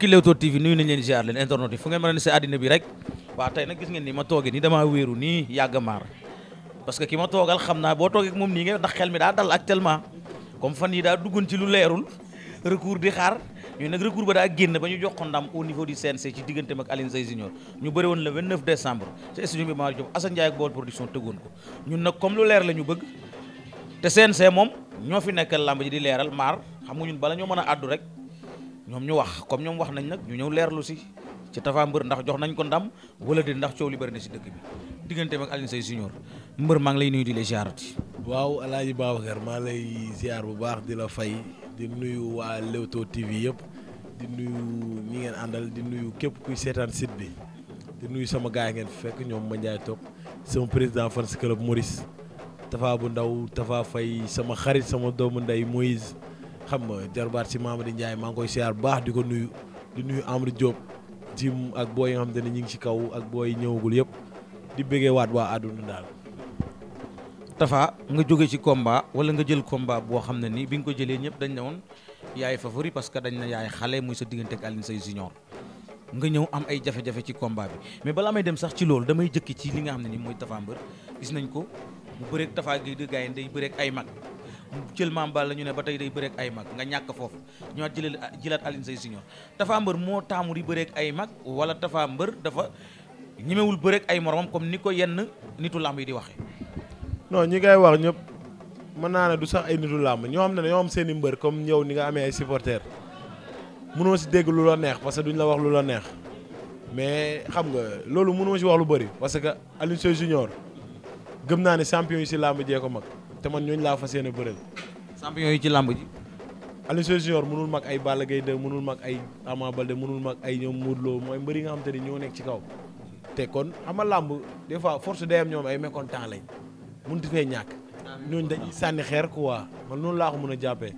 mbokki Leewtoo TV nuyu nañ leen ziar leen internet yi fu ngeen mën a ne si àddina bi rek waaw tey nag gis ngeen ni ma toogee nii damaa wéeru nii yàgg maar parce que ki ma toogal xam naa boo toogee moom nii nga ndax xel mi daa dal actuellement comme fan yi daa duggoon ci lu leerul recours di xaar ñu nag recours ba daa génn ba ñu jox ko ndam au niveau du CNC ci digganteem ak Alioune Seye Junior ñu bëri woon le 29 décembre ci studio bi Mar Diop Assane Ndiaye ak Baol Production tëggoon ko ñun nag comme lu leer la ñu moom ñoo fi nekkal làmb ji di leeral maar xam nga ñun bala ñoo mën a àddu rek ñoom ñu wax comme ñoom wax nañ nag ñu ñëw leerlu si ci Tapha Mbeur ndax jox nañ ko ndam wala de ndax coow li bëri na si dëkk bi diggante ak Alioune Seye Junior mbër maa ngi lay nuyu di la ziarati. waaw El Hadj Babacar maa lay ziar bu baax di la fay di nuyu waa Leewtoo TV yëpp di nuyu ñi ngeen àndal di nuyu képp kuy seetaan sit bi di nuyu sama gaay ngeen fekk ñoom ma Ndiaye toog sama président fans club Maurice Tafa bu ndaw Tafa fay sama xarit sama doomu ndey Moïse. xam nga jarbaat si Mamadou Ndiaye maa ngi koy siyaar baax di ko nuyu di nuyu Amadou Diop jim ak booy yi nga xam ne ñu ngi ci kaw ak booy ñëwagul yëpp di bëggee waa àdduna daal. nga jóge ci combat wala nga jël combat boo xam ne ni bi nga ko jëlee ñëpp dañ ne woon yaay favori parce que dañ na yaay xale muy sa diggante ak say Seye nga ñëw am ay jafe-jafe ci combat bi mais balaa may dem sax ci loolu damay jëkki ci li nga xam ne ni mooy Tafa Mbër gis nañ ko mu bëreeg Tafa gi di gaay day bëreeg ay mag. jël Mame Balla ñu ne ba tey day bëreek ay mag nga ñàkk foofu ñoo ñëwaat jëlal ah, jëlaat Alioune Seye Junior Tapha Mbeur moo taamu di bëreek ay mag wala Tapha Mbeur dafa ñemewul bëreek ay moromam comme ni ko yenn nitu làmb yi di waxee. non ñi ngay wax ñëpp mën naa ne du sax ay nitu làmb ñoo xam ne dañoo am seen i mbër comme ñëw ni nga amee ay supporters mënoo si dégg lu la neex parce que duñ la wax lu la neex mais xam nga loolu mënoo si wax lu bëri parce que Alioune Seye Junior naa ne champion yi si jee ko mag. te man ñooñu laa fa seen bëreel. champion yi ci làmb ji. Aliou Seye Junior mënul mag ay Balla Gaye 2 mënul mag ay Ama Baldé mënul mag ay ñoom Modou Lo mooy mbëri nga xam te ni ñoo nekk ci kaw. te kon ama làmb des fois force day am ñoom ay lay mun ti fee ñàkk. ñooñu dañuy sànni xeer quoi man noonu laa ko mën a jàppee.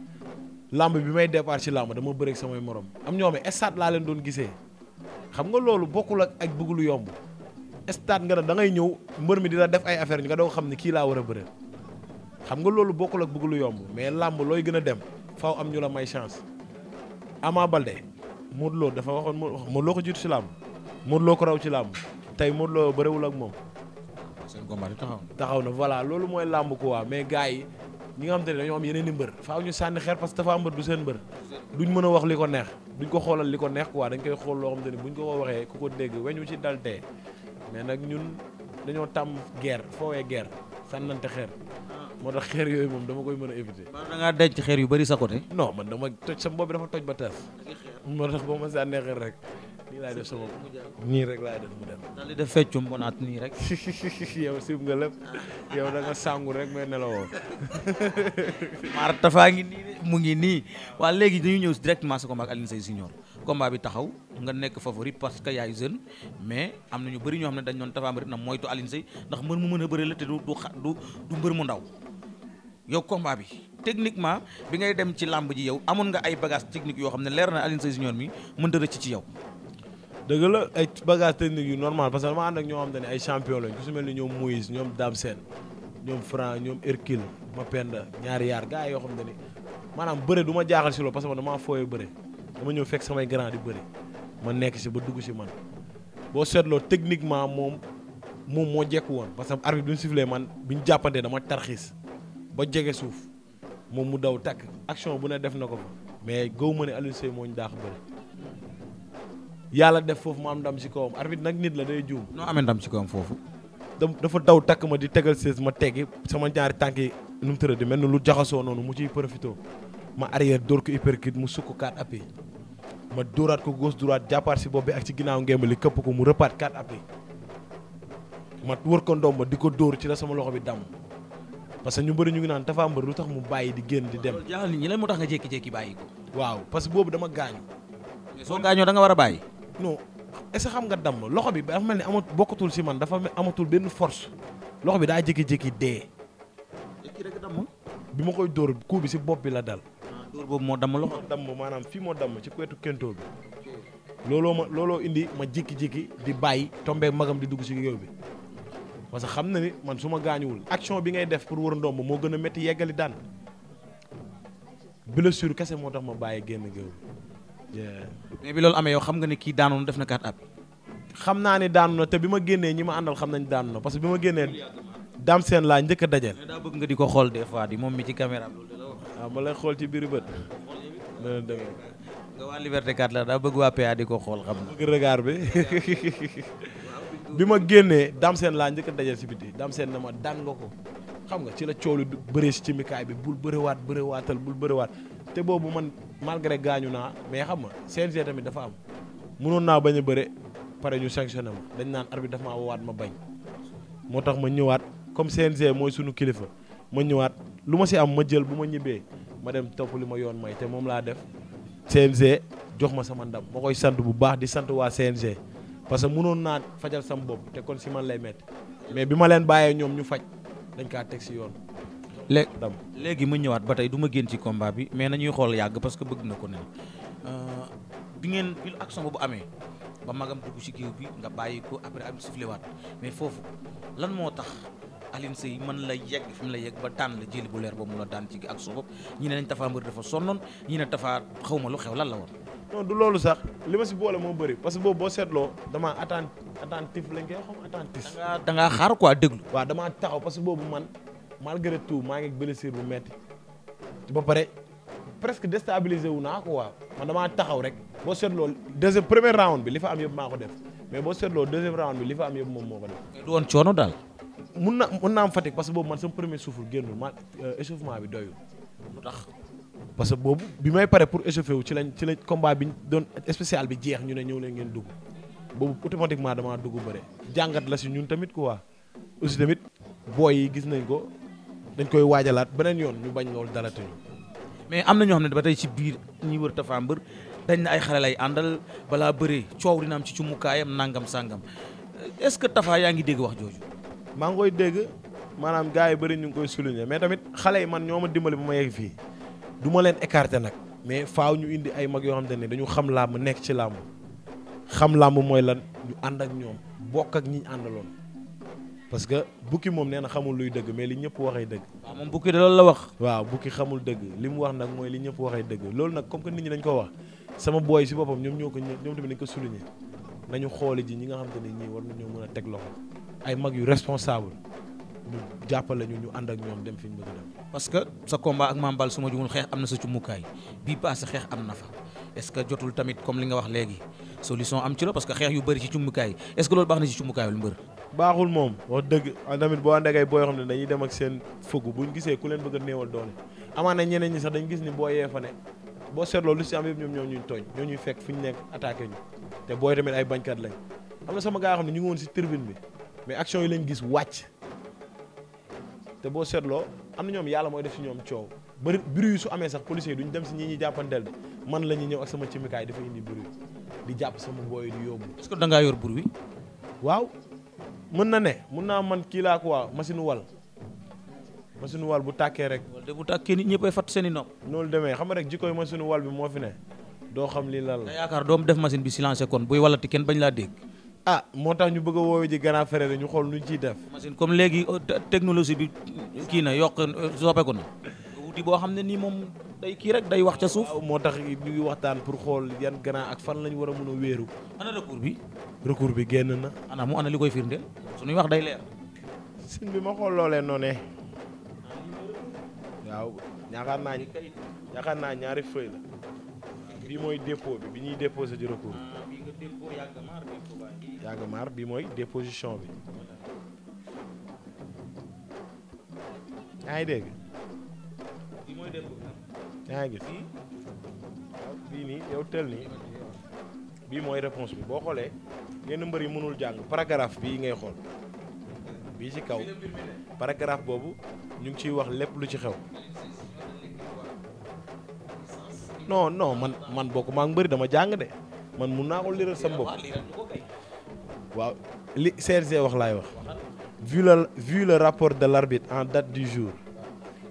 làmb bi may départ ci làmb dama bëreeg samay morom am ñoo ñoom stade laa leen doon gisee xam nga loolu bokkul ak ak bëgg lu yomb stade nga ne da ñëw mbër mi dina def ay affaire ñu nga doon xam ne kii laa war a bëreel xam nga loolu bokkul ak bëgg lu yomb mais làmb looy gën a dem faaw am ñu la may chance Ama Baldé Modou Lo dafa waxoon Modou Lo ko jiitu ci làmb Modou Lo ko raw ci làmb tey Modou Lo bëriwul ak moom. seen combat taxaw na. taxaw na voilà loolu mooy làmb waa mais gars yi ñi nga xam te ne dañoo am yeneen i mbër faaw ñu sànni xeer parce que dafa am mbër du seen mbër duñ mën a wax li ko neex duñ ko xoolal li ko neex quoi dañ koy xool loo xam te ne buñ ko ko waxee ku ko dégg weñu ci dal tee mais nag ñun dañoo tàmm guerre foowee guerre sànnante xeer moo tax xeer yooyu moom dama koy mën a éviter. maanaam da ngaa denc xeer yu bëri sa côté. non man dama toj sa bopp bi dafa toj ba taas. moo tax ba ma sànnee xeer rek. nii laay def sama nii rek laay def dem. daal di def feccum bonaat nii rek. yow sib nga lépp yow da nga sangu rek mais nelawoo. tafaa ngi nii mu ngi nii waa léegi dañu ñëw directement sa combat ak Alioune Seye Junior combat bi taxaw nga nekk favori parce que yaay jeune mais am na ñu bëri ñoo xam ne dañ doon Tapha Mbeur na moytu Alioune ndax mbër mu mën a bëri la te du du du mbër mu ndaw yow combat bi techniquement bi ngay dem ci làmb ji yow amoon nga ay bagage technique yoo xam ne leer na Alioune Seye mi mënta rëcc ci yow. dëgg la ay bagage technique yu normal parce que dama ànd ak ñoo xam ne ay champion lañ ku su mel ni ñoom Moïse ñoom Dame Sène ñoom Franc ñoom Hercule Mapenda ñaari yaar gars yoo xam ne ni maanaam bëre du jaaxal si loolu dama ñëw fekk samay grand di bëri ma nekk si ba dugg si man boo seetloo techniquement moom moom moo jekk woon parce que arbitre bi ñu man bi ñu jàppantee dama tarxiis ba jege suuf moom mu daw takk action bu ne def na ko fa mais gow ma ne Alioune moo ñu daax bëri yàlla def foofu ma am ndam si kawam arbitre nag nit la day juum. noo amee ndam si kawam foofu. dafa daw takk ma di tegal sées ma teggi sama ñaari tànk yi mu tëra di mel ni lu jaxasoo noonu mu ciy profité ma arrière dóor ko uppercut mu sukk 4 appuis ma dóoraat ko gauche droite jàppaat si bopp bi ak ci ginnaaw ngemb li këpp ko mu rëppaat 4 appuis ma wër ko ndomba di ko dóor ci la sama loxo bi damm parce que ñu bëri ñu ngi naan Tapha Mbeur lu tax mu bàyyi di génn di dem. jaaxal nit ñi lan moo tax bàyyi ko. waaw parce que boobu dama gaañu. soo gaañoo da nga war a bàyyi. non est-ce que xam nga damm loxo bi dafa mel ni amat bokkatul si man dafa amatul benn force loxo bi daay jékki-jékki dee. bi ma koy dóor coup bi si bopp bi la dal dóor boobu moo damm loxo damm maanaam fii moo damm ci wetu kentoo bi looloo ma looloo indi ma jikki-jikki di bàyyi tombee magam di dugg si géew bi parce que xam na ni man su ma gaañuwul action bi ngay def pour wër ndomb moo gën a métti yeggali daan blessure kese moo tax ma bàyyi génn géew bi mais kii daanoon def na kaat ab xam naa ni daanu na xam nañ daanu na parce que bi ma génnee daam seen di ko xool des fois di moom mi ci caméra waaw ma lay xool ci biir bët. dana dëgg. nga waa la daa bëgg waa PA di ko xool xam nga. bëgg regard bi. bi ma génnee Dame Sène laa njëkk dajal si biti Dame Sène na ma daan nga ko. xam nga ci la coolu bëree si ci mikaay bi bul bëriwaat bëriwaatal bul bëriwaat te boobu man malgré gaañu naa mais xam nga CNG tamit dafa am mënoon naa bañ a bëre pare ñu sanctionné ma dañ naan arbitre dafa maa woowaat ma bañ moo tax ma ñëwaat comme CNG mooy suñu kilifa ma ñëwaat lu ma si am ma jël bu ma ñibbee ma dem topp li ma yoon may te moom laa def CNG jox ma sama ndam ma koy sant bu baax di sant waa CNG parce que munoon naa fajal sama bopp te kon si man lay métti mais bi ma leen bàyyee ñoom ñu faj dañ kaa teg si yoon. léegi léegi ma ñëwaat ba tey du ma génn ci combat bi mais nañuy xool yàgg parce que bëgg na ko ne euh, bi ngeen bi action bu amee ba magam dugg ci géew bi nga bàyyi ko après am soufflé waat mais foofu lan moo tax. Alioune Seye man la yegg fi mu la yegg ba daan la jëli bu leer boobu mu la daan ci ak suufam ñi ne nañ Tapha Mbeur dafa sonnoon ñi ne Tapha xaw lu xew lan la woon. non du loolu sax li ma si boole moo bëri parce que boobu boo seetloo damaa attent attentif lañ koy xam attentif. da ngaa xaar quoi déglu. waaw damaa taxaw parce que boobu man malgré tout maa ngi blessure bu metti ba pare presque déstabilisé wu naa ko waaw man damaa taxaw rek boo seetloo deuxième premier round bi li fa am yëpp maa ko def mais boo seetloo deuxième round bi li fa am yëpp moom moo ko def. du woon coono daal. mun na mun naa am fatigue parce que boobu man sama premier souffle génnul ma euh, échauffement bi doyul lu tax parce que boobu bi may pare pour échauffer wu ci lañ ci la combat bi doon espécial bi jeex ñu ne ñëw leen ngeen dugg boobu automatiquement damaa dugg bëre jàngat la si ñun tamit quoi aussi tamit booy yi gis nañ ko dañ koy waajalaat beneen yoon ñu bañ loolu dalatuñu mais am na ñoo xam ne ba tey ci biir ñi wër Tapha Mbeur dañ na ay xale lay àndal balaa bëree coow dina am ci ci nangam sàngam euh, est-ce que Tapha yaa ngi dégg wax jooju maa ngi koy dégg maanaam gars yi bari ñu ngi koy souligner mais tamit xale yi man ñoo ma dimbali ba ma yegg fii du ma leen écarter nag mais faaw ñu indi ay mag yoo xam ne dañu xam làmb nekk ci làmb xam làmb mooy lan ànd ak ñoom bokk ak ñi àndaloon parce que bukki moom nee na xamul luy dëgg mais li ñëpp waxee dëgg. waaw moom bukki de loolu la wax. waaw bukki xamul dëgg li mu wax nag mooy li ñëpp waxee dëgg loolu nag comme que nit ñi dañ ko wax sama booy si boppam ñoom ñoo ko ñoom tamit dañ ko souligner nañu xooli ji ñi nga xam te ne ñii war nañoo mën a teg loxo ay mag yu responsable ñu jàppale ñu ñu ànd ak ñoom dem fi ñu bëgg a parce que sa combat ak Mambal su ma jugul xeex am na sa cumukaay bii passé xeex am na fa est ce que jotul tamit comme li nga wax léegi solution am ci la parce que xeex yu bëri ci cumukaay est ce que loolu baax na ci cumukaayul mbër. baaxul moom wax dëgg tamit boo ànd ak ay booy xam ne dañuy dem ak seen bu ñu gisee ku leen bëgg a néewal doole amaana ñeneen ñi sax dañ gis ni boo yee fa ne boo seetloo lu si am yëpp ñoom ñoo ñuy tooñ ñoo ñuy fekk fu ñu nekk attaqué te booy tamit ay bañkat lañ am na sama ñu ngi woon bi mais action yi lañ gis wàcc te boo seetloo am na ñoom yàlla mooy def si ñoom coow bëri bruit su amee sax policiers yi duñ dem si ñii ñuy jàppanteel bi man lañuy ñuy ñëw ak sama cimikaay dafa indi bruit di jàpp sama mbooy di yóbbu. est-ce que da yor bruit. waaw mën na ne mun naa man kii laa quoi machine wal machine wal bu tàkkee rek. wal de bu tàkkee nit ñëppay fàtt seen i nopp. noonu demee xam nga rek jikkoy machine wal bi moo fi ne doo xam lii lan la. yaakaar doo def machine bi silencé kon buy walati kenn bañ laa dégg. ah moo tax ñu bëgg a woowee ji fere frère ñu xool nu ñu ciy def. machine comme léegi euh, technologie bi kii na yokk euh, soppeeku na. wuti boo xam ne nii moom day kii rek day wax ca suuf. moo tax ñu ngi waxtaan pour xool yan grand ak fan lañu war a mën a wéeru. ana recours bi. recours bi génn na. ana mu ana li koy firndeel. suñuy wax day leer. sëñ bi ma xool loolee noone waaw yaakaar naa yaakaar naa ñaari feuille la. bii mooy dépôt bi bi ñuy déposé ji recours. yàggamaar bi mooy déposition bi yaa ngi dégg yaa ngi gis bii nii yow tel nii bii mooy réponse bi boo xoolee yenn mbër yi mënul jàng paragraphe bii ngay xool bii ci kaw paragraphe boobu ñu ngi ciy wax lépp lu ci xew noo non man man bokk maa ngi mbëri dama jàng de man mun naa ko liral sama bopp waaw li CRG wax laay wax vu le vu le rapport de l'arbitre en date du jour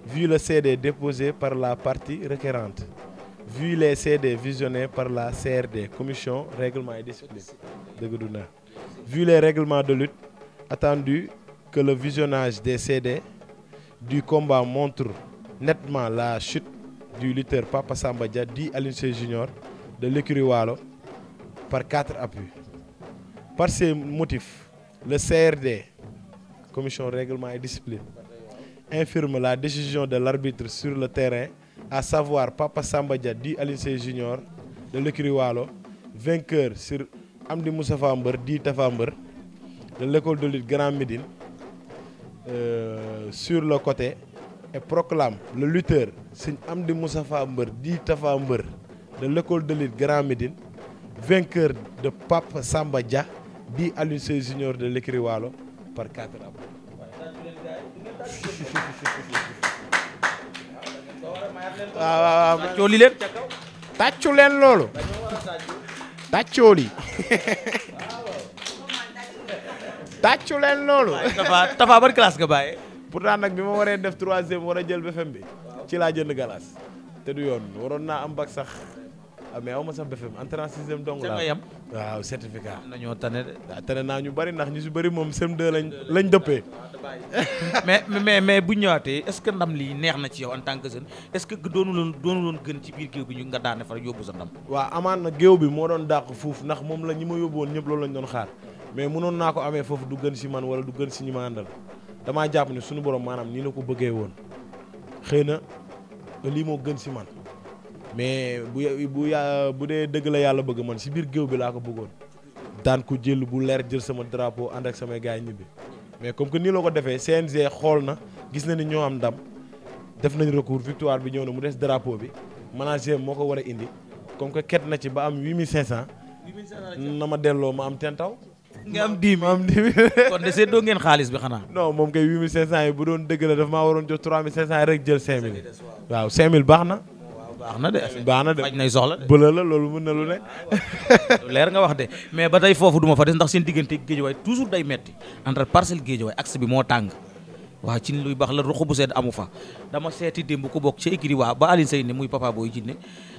vu le CD déposé par la partie requérante vu les CD visionnés par la CRD commission réglement et discipline dëgg du na vu réglement de lutte attendu que le visionnage des CD du combat montre nettement la chute du lutteur Papa Samba Dia dit Alioune Sèye Junior de l'écurie Walo par quatre appuis par ces motifs le CRD commission règlement et discipline infirme la décision de l'arbitre sur le terrain à savoir Papa Samba Dia dit Alioune Sèye Junior de l'écurie Walo vainqueur sur Amdi Moustapha Mbeur dit Tafa Mbeur de l'école de lutte Grand Médine euh, sur le côté et proclame le lutteur am Amdi Moustapha Mbeur dit Tafa Mbeur de l'école de lutte Grand Médine vainqueur de Pape Samba Dia di Aliou Seye junior de l'écurie par 4 appuis. leen. loolu. tàccooli. tàccu leen loolu. Tafa Tafa ban classe nga pour pourtant nag bi ma waree def troisième war a jël BFM bi. ci laa jënd galas te du yoon waroon naa am bac sax. Ah, mais aw ma sax BFEM entrant sixième dong laa yam waaw certificat naa ñu bëri ndax ñu si bëri moom sem 2 lañ lañ dëppee mais mais mais bu ñëwaatee ce que ndam lii neex na ci yow en tant que jeune que doonu loon doonu loon gën ci biir géew bi ñu nga amaan na géew bi moo doon dàq fuuf ndax moom la ñi ma yóbbu woon ñëpp loolu lañ doon xaar mais mënoon naa ko amee foofu du gën si man wala du gën si ñi ma àndal damaa jàpp ne suñu borom maanaam nii la ko bëggee woon xëy na lii moo gën si man mais bu bu ya bu dee dëgg la yàlla bëgg man si biir géew bi laa ko bëggoon daan ko jël bu leer jël sama drapeau ànd ak samay gars yi ñibbi mais comme que nii la ko defee CNG xool na gis na ni ñoo am ndam def nañ recours victoire bi ñëw na mu des drapeau bi manager moo ko war a indi comme que ket na ci ba am 8500. 8500 na ma delloo ma am ten taw. nga am 10 ma am 10 kon de seddoo ngeen xaalis bi xanaa. non moom kay 8500 yi bu doon baax na. baax na de baax na de faj nay soxla de bëla loolu mën na lu ne leer nga wax de mais ba tey foofu duma fa des ndax seen diggante géejawaay toujours day metti entre parcelle géejawaay axe bi moo tàng waaw ci luy baax la ruq bu sedd amu fa dama seeti démb ku bokk ci écrit waa ba Alioune Seye muy papa booy jinne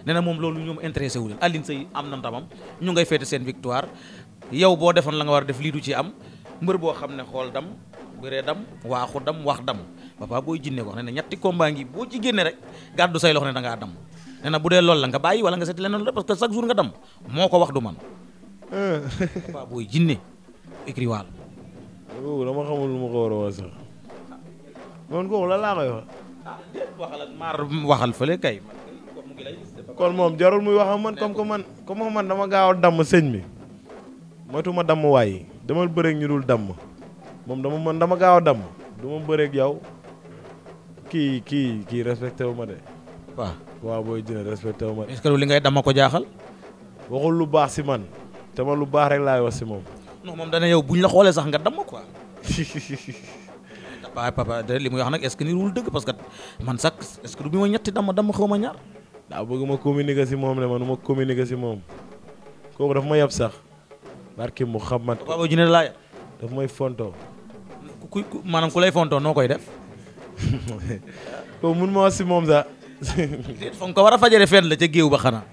ne na moom loolu ñoom intéressé wu leen Alioune Seye am na ndamam ñu ngay feete seen victoire yow boo defoon la nga war a def lii du ci am mbër boo xam ne xool dam bëree dam waaxu dam wax dam papa booy jinne wax ne ne ñetti combat boo ci génne rek gàddu say loxo ne da ngaa dam nee bu dee lool la nga bàyyi wala nga seeti leneen loolu parce que chaque jour nga dem moo ko wax du man. Eh. papa booy jinne écrit waal. dama xamul lu ma ko war a wax sax. man kooku lan laa koy ah, waxal ak maar kay. kon moom jarul muy wax ak man comme que man comme que man dama gaaw a damm sëñ mi moytuma damm waayi dama bëreeg ñu dul damm moom dama man dama gaaw a damm du ma yow kii kii kii respecté wu ma de waaw. waaw booy jine respecté wu ma. li ngay dama ko jaaxal. waxul lu baax si man te man lu baax rek laay wax si moom. non moom dana yow buñ la xoolee sax nga damm quoi. papa papa de li muy wax nag est li que ni wul dëgg parce que man sax est-ce que du bi ma ñetti damm damm xaw ma ñaar. daa bëgg ma communiquer si moom ne man ma communiquer ma yab mu xam man. papa booy jine laa yab. daf may fontoo. ku ku maanaam ku lay fontoo noo koy def. kooku mun ma wax si moom sax. déet fa nga ko war a fajare fenn la ca géew ba xanaa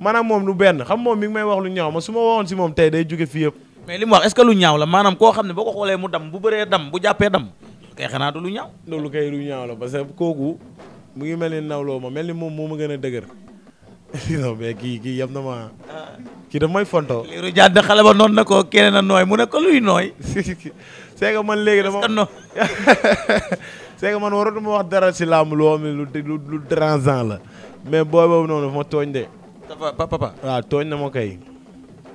maanaam moom lu benn xam moom mi may wax lu ñaaw ma su ma waxoon si moom tey day jóge fii yëpp mais li mu wax est-ce que lu ñaaw la maanaam koo xam ne boo ko xoolee mu dam bu bëree bu jàppee dam xanaa du lu ñaaw loolu kay lu ñaaw la parce que kooku mu ngi mel ni nawloo ma mel ni moom moo ma gën a dëgër non mais kii kii yem na ma kii daf may fonto liiru jàdd xale ba noon na ko keneen a nooy mu ne ko luy nooy c'est man léegi dama no c'est que man wax dara si làmb lu xam ne lu lu dérangeant la mais booy boobu noonu dafa ma tooñ de papa tooñ na ma kay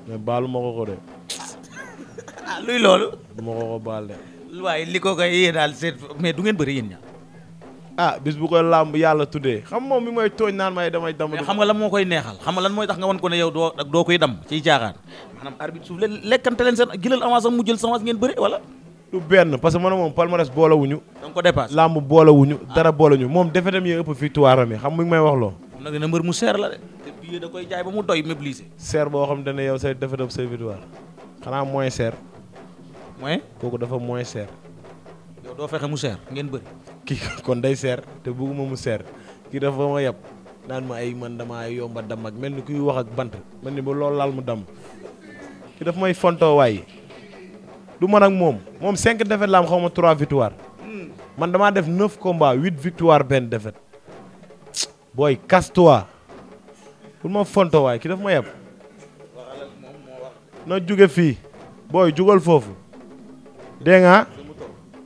mais baalu ma ko ko de ah, luy loolu du ma ko ko baal de waaye li ko koy yee daal seet mais du ngeen bëri yéen ñaar ah bis bu ko làmb yàlla tuddee xam moom mi mooy tooñ naan may damay dam xam nga lan moo koy neexal xam nga lan mooy tax nga wan ko ne yow doo koy dam ciy caaxaan maanaam arbitre suuf leen lekkante leen seen gilal avance am mu jël sa avance ngeen bëre wala du benn parce que man moom palmarès boolewuñu da nga ko dépassé làmb boolewuñu ah. dara boolewuñu moom defetam yi ëpp victoire am yi xam mu ngi may wax loo moom nag dina mbër mu seer la de te billet da koy jaay ba mu doy mobilisé seer boo xam ne yow say defetam say victoire kooku dafa moins seer fexe mu seer ngeen bëri kii kon day seer te bëgguma mu seer kii dafa ma yab naan ma ay man damaa yomba dam ak mel ni kuy wax ak bant mel ni ba loolu laal mu dam kii dafa may fontoo waay du man ak moom moom cinq défaites la am xaw ma trois victoire man damaa def neuf combats huit victoire benn défaite booy casse-toi pour ma fontoo waay kii dafa ma yab na jóge fii booy jugal foofu dégg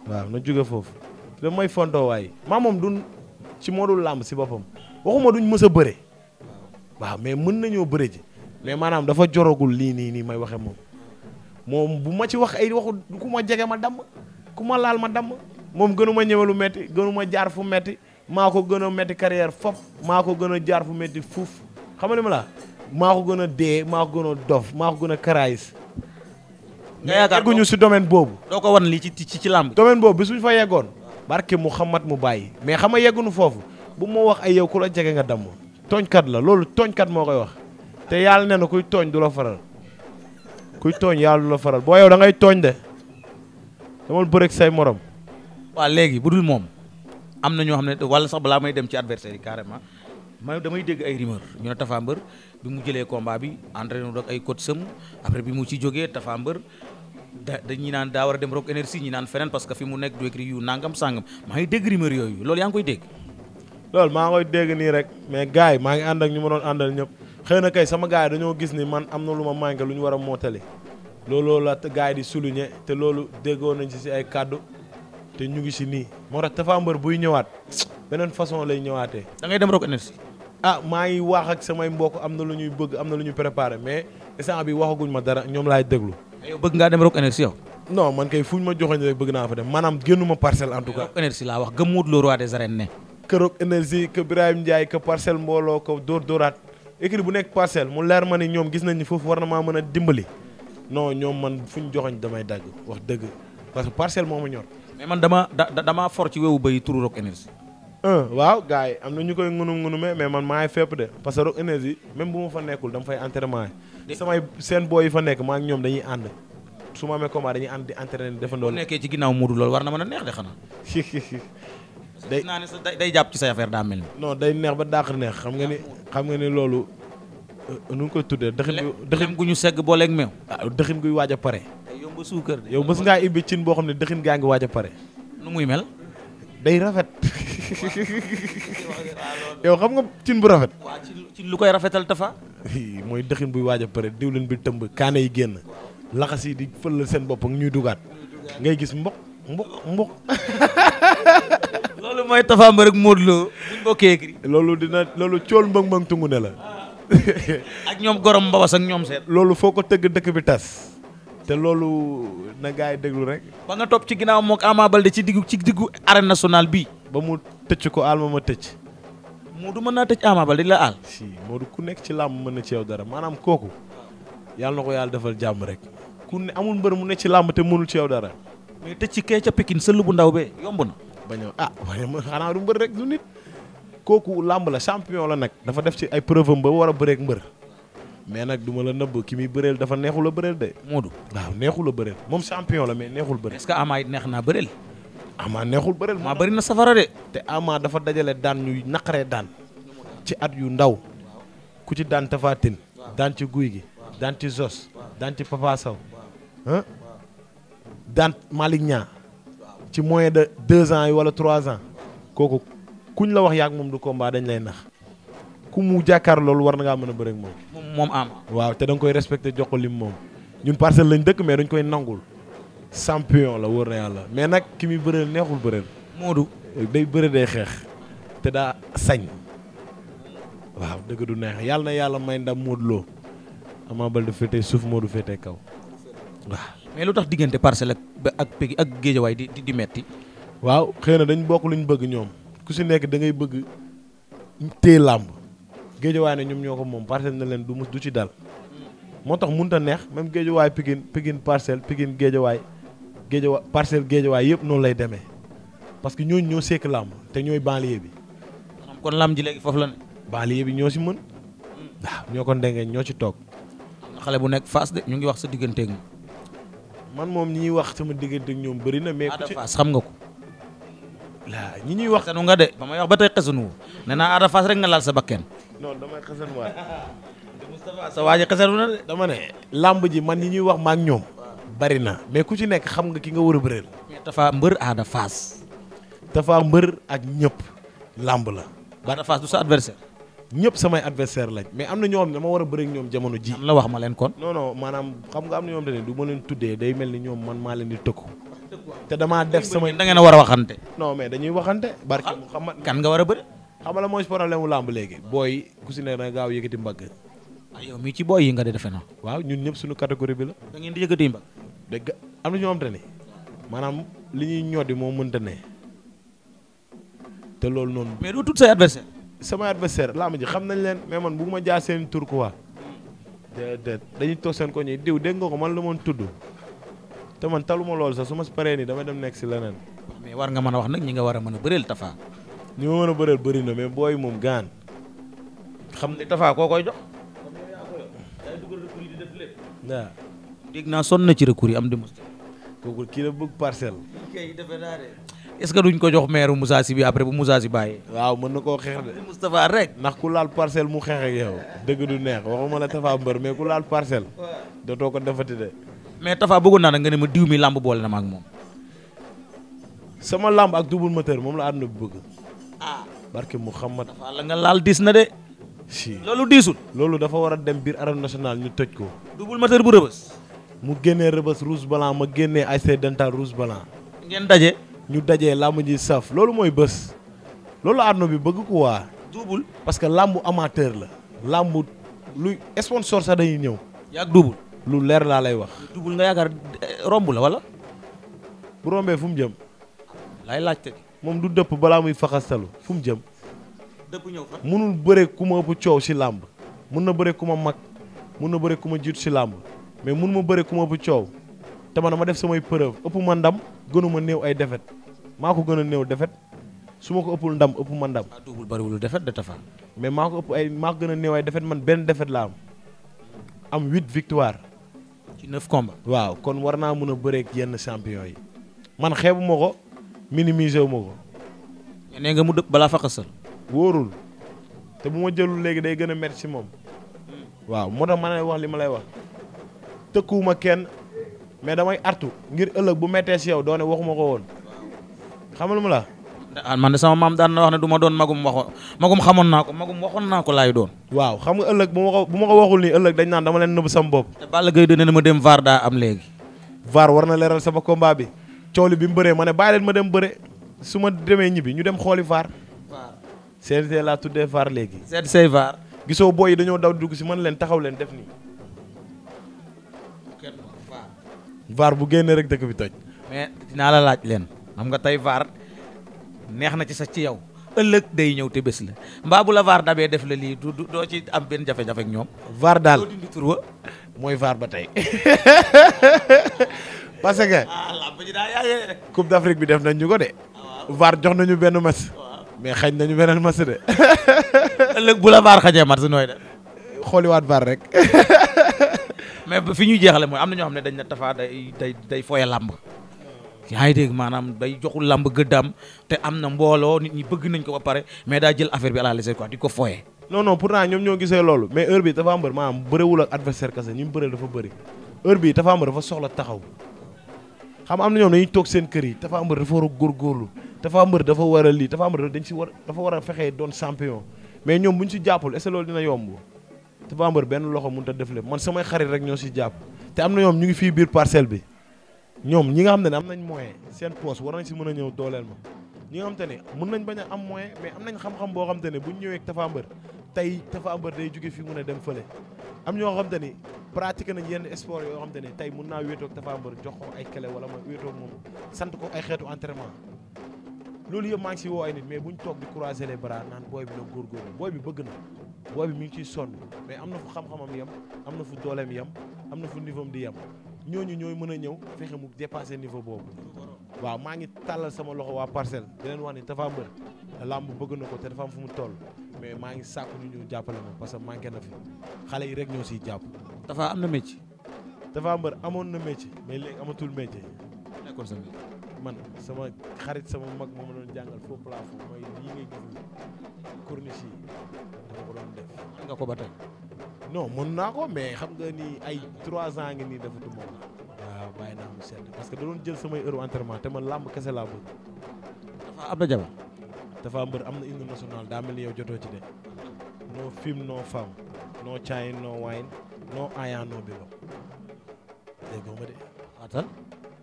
waaw na jóge foofu loolu mooy fontoo waay maa moom du ci moo dul làmb si boppam waxuma duñ mës a bëre waaw mais mën nañoo bëre ji mais maanaam dafa jorogul lii nii nii may waxe moom moom bu ma ci wax ay waxu ku ma jege ma damm ku ma laal ma damm moom gënu ma ñëwalu metti gënu ma jaar fu metti maa ko gën a metti carrière fop maa ko gën a jaar fu metti fuuf xam nga li ma laa maa ko gën a dee maa ko gën a dof maa ko gën a karaayis nga yaakaar ñu si domaine boobu doo ko wan lii ci ci làmb domaine boobu bi suñ fa barke Muhammad mu bàyyi mais xam nga yeggunu foofu bu moo wax ay yow ku la jege nga dam damm tooñkat la loolu tooñkat moo koy wax te yàlla ne na kuy tooñ du la faral kuy tooñ yàlla du la faral boo yow dangay tooñ de damay bëreeg say morom. waa léegi bu dul moom am na ñoo xam ne wala sax balaa may dem ci adversaire yi carrément ma damay dégg ay rumeur ñu ne Tapha Mbeur bi mu jëlee combat bi entraîné ak ay côte sëm après bi mu ci jógee Tapha Mbeur da dañuy naan daa a dem rock énergie ñi naan feneen parce que fi mu nekk du écrit yu nangam ngi dégg rumeur yooyu loolu yaa ngi koy dégg. loolu dégg nii rek mais gars yi maa ngi ànd ak ñu ma doon àndal ñëpp xëy na kay sama gars yi gis ni man am na lu ma manqué lu ñu war a mootali loolu la gars yi di souligner te loolu déggoo nañ ci si ay kàddu te ñu ngi si nii moo tax Tapha Mbeur buy ñëwaat beneen façon lay ñëwaatee. da dem rock énergie. ah maa ngi wax ak samay mbokk am na lu ñuy bëgg am na lu ñu préparé mais instant bi waxaguñ ma dara ñoom laay déglu yow bëgg ngaa dem Rock Énergie yow. non man kay fu ñu ma joxoon rek bëgg naa fa dem maanaam génnuma parcelle en tout cas. Rock Énergie laa wax gëmmuut le roi des arènes ne. que Rock Énergie ko Dóor Dóoraat écrit bu nekk parcelle mu leer ma ni ñoom gis nañ ni foofu war na maa mën a dimbali no ñoom man fu ñu joxoñ damay dagg wax dëgg parce que parcelle moo ma ñor. mais man dama da damaa for ci wewu bay turu Rock Énergie. waaw gars yi am na ñu koy ngunu ngunume mais man maay fépp de parce que Rock Énergie même bu fa nekkul dama fay entraînement samay seen booy yi fa nekk maa ak ñoom dañuy ànd su ma amee combat dañuy ànd di entraîner defandoo. bu nekkee ci ginnaaw Modou loolu war na mën a neex de xanaa. day naa ne sa day jàpp ci say affaire daa mel ni. non day neex ba dàq neex xam nga ni xam nga ni loolu euh, nu ngi koy tuddee. dëxin gu dëxin gu ñu segg booleeg meew. ah dëxin guy waaj a pare. yow ba suukar de. yow mës ngaa ibbi cin boo xam ne dëxin gaa ngi waaj a pare. lu muy mel. day rafet. yow xam nga cin bu rafet. waaw lu koy rafetal tafa. mooy dëxin buy waaj a pare diwlin bi tëmb kaane yi génn laxas yi di fëlal seen bopp ak ñuy dugaat ngay gis mboq mboq mboq. loolu mooy Tapha Mbeur ak Modou Lo buñ bokkee kii. loolu dina loolu cool mbëng mbëng tungu ne la. ak ñoom gorom mbabas ak ñoom seet. loolu foo ko tëgg dëkk bi tas. te loolu na gars yi déglu rek. ba nga topp ci ginnaaw mook Ama Baldé ci diggu ci diggu bi ba mu tëcc ko aal ma ma tëcc. Moodu mën naa tëj Ama ba di la aal. moo Moodu ku nekk ci làmb mën na ci yow dara maanaam kooku yàlla na ko yàlla defal jàmb rek ku ne amul mbër mu ne ci làmb te mënul ci dara. mais tëj ci kee ca pikin sëll bu ndaw be yomb na. bañ a ah xanaa du mbër rek du nit kooku làmb la champion la nag dafa def ci ay preuve ba war a bëreek mbër. mais nag du ma la nëbb ki muy bëreel dafa neexul a bëreel de. Moodu waaw neexul a moom champion la mais neexul bëreel. est-ce naa bëreel. ama neexul bëreel maa bëri na safara de. te ama dafa dajale daan ñuy naqaree daan ci at yu ndaw ku ci daan tafaatin daan ci guy gi daan ci zos daan ci papa daan Malick Niang ci moyen de deux ans yi wala trois ans kooku kuñ la wax yaak moom du mbaa dañ lay nax ku mu jàkkaar loolu war na ngaa mën a bëre ak moom. moom am. waaw te da koy respecté jox ko lim moom ñun parcelle lañ dëkk mais dañ koy nangul. champion la wóor na yàlla mais nag ki muy bëreel neexul bëreel. Modou day bëre day xeex te daa sañ waaw dëgg du neex yàlla na yàlla may ndam Modou Lo Ama Baldé féetee suuf Modou féetee kaw waaw. mais lu tax diggante parcelle ak ak Peggy ak Géejawaay di di metti waaw xëy na dañ bokk luñ bëgg ñoom ku si nekk da ngay bëgg téye làmb Géejawaay ne ñoom ñoo ko moom parcelle na leen du mu du ci dal moo tax mënut a neex même Géejawaay Pikine Pikine parcelle Pikine Géejawaay. géejawa parcelle géejawaay yëpp noonu lay demee parce que ñooñu ñoo sekk làmb te ñooy banlieue bi. kon làmb ji léegi foofu la ne. bi ñoo si mën. Hmm. waaw ñoo ko ndengee ñoo ci toog. xale bu nekk fas de ñu ngi wax sa digganteek man moom ñi ñuy wax sama digganteeg ñoom bëri na mais. Ada Fass xam nga ko. laa ñi ñuy wax. xasanu nga de ba may wax ba tey xasanu wu naa Ada rek nga laal sa bakken. non damay xasanuwaat. Moustapha sa waa ji xasanu na de. dama làmb ji man ñi ñuy wax ma ak ñoom. bari na mais ku ci nekk xam nga ki nga war a bëreel. mais Tafa mbër Ada Fass. Tafa mbër ak ñëpp làmb la. ba Ada Fass du sa adversaire. ñëpp samay adversaire lañ mais am na ñoo xam ne dama war a bëri ñoom jamono ji la wax ma leen kon. non non maanaam xam nga am na ñoom dañu du ma leen tuddee day mel ni ñoom man maa leen di tëkku. te damaa def samay da ngeen a war a waxante. non mais dañuy waxante. barke ah, mu xam kan nga war a bëri. xam nga la mooy problème wu làmb léegi. booy ku si ne na gaaw yëkkati mbagg. ah yow mii ci booy yi nga di defe na waaw ñun bi la. da ngeen di yëkkati mbagg. dégg am na ñoo maanaam li ñuy ñoddi moo mënta ne te loolu noonu. mais doo tudd say adversaire sama laa ma ji xam nañ leen mais man bëgguma jaa seen tur quoi. déedéet dañuy toog seen ko ñuy diw dégg nga ko man la moon tudd te man taluma loolu sax su paree nii dama dem nekk si leneen. mais war nga mën a wax nag ñi nga war a mën a bëreel Tafa. ñi ma a bëreel bëri na mais booy moom gaan. xam ne Tafa koo koy jox. waaw. dégg naa sonn na ci recours yi am di Moustapha. kooku kii la bëgg parcelle. est ce que duñ ko jox maire mussa Sy bi après bu Moussa Sy bàyyee. waaw mën na koo xeex de. Moustapha rek. ndax ku laal parcelle mu xeex ak yow. dëgg du neex waxuma la Tafa mbër mais ku laal parcelle. dootoo ko defati de. mais Tafa bëggoon naa nga ne ma diw mi làmb boole na ma ak moom. sama làmb ak double moteur moom la àdduna bi bëgg. ah barke Mouhamad. Tafa la nga laal dis na de. si loolu diisul. loolu dafa war a dem biir arène nationale ñu toj ko. double mu génnee rëbës rouge blanc ma génnee ay Dental rouge blanc. ngeen daje. ñu dajee làmb ji saf loolu mooy bés. loolu àdduna bi bëgg ko waa. duubul parce que làmb amateur la. làmbu lu sponsor sax dañuy ñëw. yàgg duubul. lu leer laa lay wax. duubul nga yaakaar eh, romb la wala. bu rombee fu mu jëm. lay laajte. moom du dëpp balaa muy faxastalu fu mu jëm. dëpp ñëw fa. bëre ku ma ëpp coow si làmb. mun na bëre ku ma mag mun na bëre ku ma jiitu si làmb. mais mun ma bëre ku ma bu coow te man ma def samay preuve ëpp ma ndam gënu ma néew ay defet maa ko gën a néew defet su ma ko ëppul ndam ëpp ma ndam. waaw ah, double bariwul defet de Tapha. mais maa ëpp ay maa ko gën man benn defet laa am am huit victoire. ci neuf combats. waaw kon war naa mën a bëreeg yenn champion yi man xeebu ko minimiser wu ma ko. nee nga mu dëpp balaa fa xasal. wóorul te bu ma jëlul léegi day gën a métti moom. Hmm. waaw moo tax ma lay wax li ma lay wax. tëkkuwuma kenn mais damay artu ngir ëllëg bu méttee si yow doone waxuma ko woon xamal mu la. man de sama maam daan na wax ne du doon magum waxoon magum xamoon naa ko magum waxoon naa ko laay doon. waaw xam nga ëllëg bu ma ko bu ma ko waxul nii ëllëg dañ naan dama leen nëbb sama bopp. te Balla Gaye dina ma dem VAR daa am léegi. VAR war na leeral sama kombaa bi cooli bi mu bëree ma ne bàyyi leen ma dem bëre su ma demee ñibbi ñu dem xooli VAR. VAR CNG laa tuddee VAR léegi. CNG VAR. gisoo booy yi dañoo daw dugg si man leen taxaw leen def nii. vaar bu génnee rek dëkk bi toj. mais dinaa la laaj leen xam nga tey vaar neex na ci sa ci yow ëllëg day ñëw te bés la mbaa bu la vaar dabee def la lii du doo ci am benn jafe-jafe ak ñoom. vaar daal doo mooy vaar ba tey parce que. Ah, coupe d'Afrique bi def nañ ñu ko de. vaar jox nañu benn match. mais xañ nañu beneen match de. ëllëg bu la vaar xañee match nooy de. xooliwaat vaar rek. mais fi ñuy jeexale mooy am na ñoo xam ne dañ na day day foye làmb yaa ngi dégg maanaam day joxul làmb gëddaam te am na mbooloo nit ñi bëgg nañ ko ba pare mais daa jël affaire bi à la légère quoi di ko foye non non pourtant ñoom ñoo gisee loolu mais heure bi Tapha Mbeur maanaam bëréwul ak adversaire kase ñi mu bëree dafa bëri heure bi Tapha Mbeur dafa soxla taxaw xam am na ñoom dañuy toog seen kër yi Tapha Mbeur dafa war a góorgóorlu Tapha Mbeur dafa war a lii Tapha Mbeur dañ si war dafa war a fexee doon champion mais ñoom buñ si jàppul est-ce que loolu dina Tapha Mbeur benn loxo mënut a def lépp man samay xarit rek ñoo si jàpp te am na ñoom ñu ngi fii biir parcelle bi ñoom ñi nga xam ne am nañ moyen seen poste war nañ si mën a ñëw dooleel ma ñi nga xam te ne mën nañ bañ a am moyen mais am nañ xam-xam boo xam te bu ñu ñëwee ak Tapha Mbeur tey Tapha day jóge fii mun a dem fële am ñoo xam te ni pratiqué nañ yenn sport yoo xam te ne tey mun naa wéetoog Tapha Mbeur jox ko ay clé wala ma wéetoog moom sant ko ay xeetu entraînement loolu yëpp maa ngi si woo ay nit mais toog di croiser les bras naan booy bi bi bëgg na boo bi mi ngi ciy sonn mais am na fu xam-xamam yem am na fu dooleem yem am na fu niveau di yem ñooñu ñooy mën a ñëw fexe mu dépassé niveau boobu waaw maa ngi tàllal sama loxo waa parcelle di leen wax ni Tapha Mbeur làmb bëgg na ko te dafa am fu mu toll mais maa ngi sàkku ñu ñëw jàppale ma parce que manqué na fi xale yi rek ñoo siy jàpp Tapha am na métier Tapha Mbeur amoon na métier mais léegi amatul métier nekkoon sa man sama xarit sama mag moom ma doon jàngal faux plafond mooy lii ngay gis corniche yi dama ko doon def. xam nga ko ba tey. non mën naa ko mais xam nga ni ay trois ans ngi nii dafa du moom waaw bàyyi naa mu sedd parce que da jël samay heure entraînement te man làmb kese laa bëgg. dafa am na jabar. dafa mbër am na hymne national daa mel ni yow jotoo ci de. no film no femme no chine no wine no aya no bilo dégg nga ma de. waaw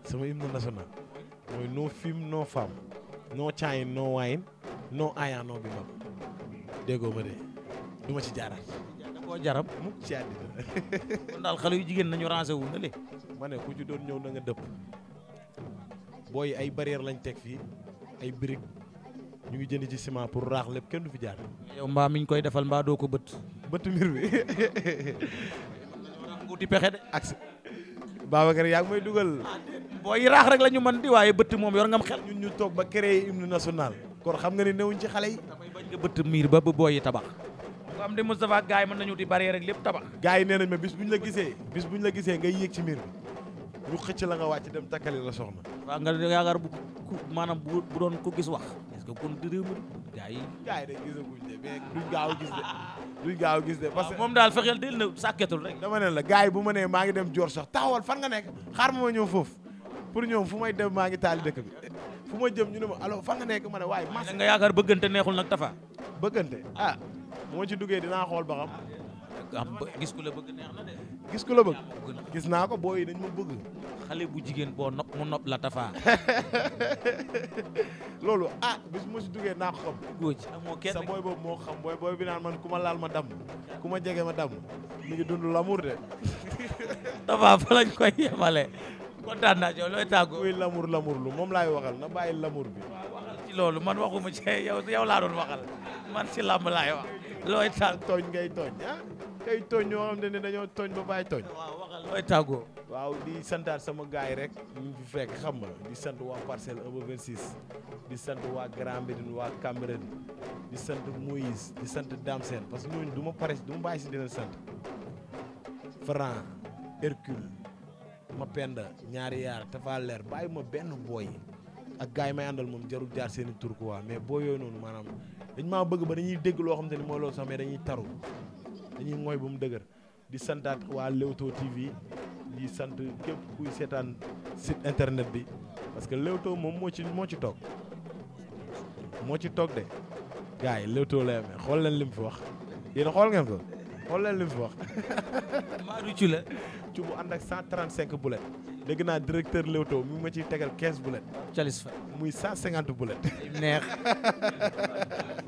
sama hymne national. mooy no film noo femme no chain no wine no aya bi mam déggoo ma de du ci jaaraat. da koo jarab mukk ci àddina kon daal xale yu jigéen nañu rangé wu na le ma ne ku ci doon ñëw na nga dëpp booy ay barrière lañ teg fii ay brique ñu ngi jënd ci ciment pour raax lépp kenn du fi jaar. mbaam mbaa miñ koy defal mbaa doo ko bët. bët mbir bi. nguuti pexe de. yaa ngi may dugal. Ah, booy yi rek la ñu mën di waaye bëtt moom yor ngam xel ñun ñu toog ba créé hymne national kon xam nga ne newuñ ci xale yi damay bëtt miir ba bu booy yi tabax ko am di Moustapha gars yi mën nañu di bari rek lépp tabax gars yi nee nañ ma bis ñu la gisee bis ñu la gisee nga yéeg ci miir bi ñu xëcc la nga wàcc dem takkali la soxna waaw nga yaakaar bu maanaam bu doon ko gis wax est que kon di réew mi gars yi gars yi day gisaguñ gaaw gis gis de parce moom daal fexeel del na sàkketul rek dama ne la gars yi bu ma nee maa ngi dem joor sax taxawal fan nga nekk xaar ma ma ñëw foofu pour ñoom fu may dem maa ngi taali dëkk bi fu ma jëm ñu ne ma alo fa nga nekk ma ne waaye mas nga yaakaar bëggante neexul nag tafa bëggante ah moo ci duggee dinaa xool ba xam gis ku la bëgg neex na gis naa ko booy yi dañ ma bëgg xale bu jigéen boo nopp mu nopp la tafa loolu ah bis ma ci duggee naa ko xam sa booy boobu moo xam booy booy bi naan man ku ma laal ma damm ku ma jege ma damm mi ngi dund l'amour de tafa fa lañ koy yemale kontaan naa yow looy tàggoo kuy lamur lamur lu moom laay waxal na bàyyi lamur bi. waxal ci loolu man waxuma ci yow yow laa doon waxal man ci làmb laay wax looy tàgg. tooñ ngay tooñ ah kay tooñ ñoo xam ne dañoo tooñ ba bàyyi tooñ. waaw waxal looy tàggoo. waaw di santaat sama gaay rek ñu fi fekk xam nga di sant waa parcelle 1 ba di sant waa Grand Médine waa Cambérène di sant Moïse di sant Dame Sène parce que ñooñu du ma pare du ma bàyyi si dina sant Franc Hercule ma penda ñaari yaar tafa leer bàyyi ma benn booy ak gars yi may àndal moom jarul jaar seen i tur quoi mais boo yooyu noonu maanaam dañ maa bëgg ba dañuy dégg loo xam te ni mooy loolu sax mais dañuy taru dañuy mooy bu mu dëgër di santaat waa Leewtoo TV di sant képp kuy seetaan site internet bi parce que Leewtoo moom moo ci moo ci toog moo ci toog de gars yi Leewtoo lay amee xool leen li mu fi wax yéen xool ngeen ko. xool leen li mu fi wax. Cula. ci bu ànd ak 135 boulet. dégg naa directeur Leewtoo mi ma ciy tegal 15 boulet. Thialis Faye muy 150 boulet. neex.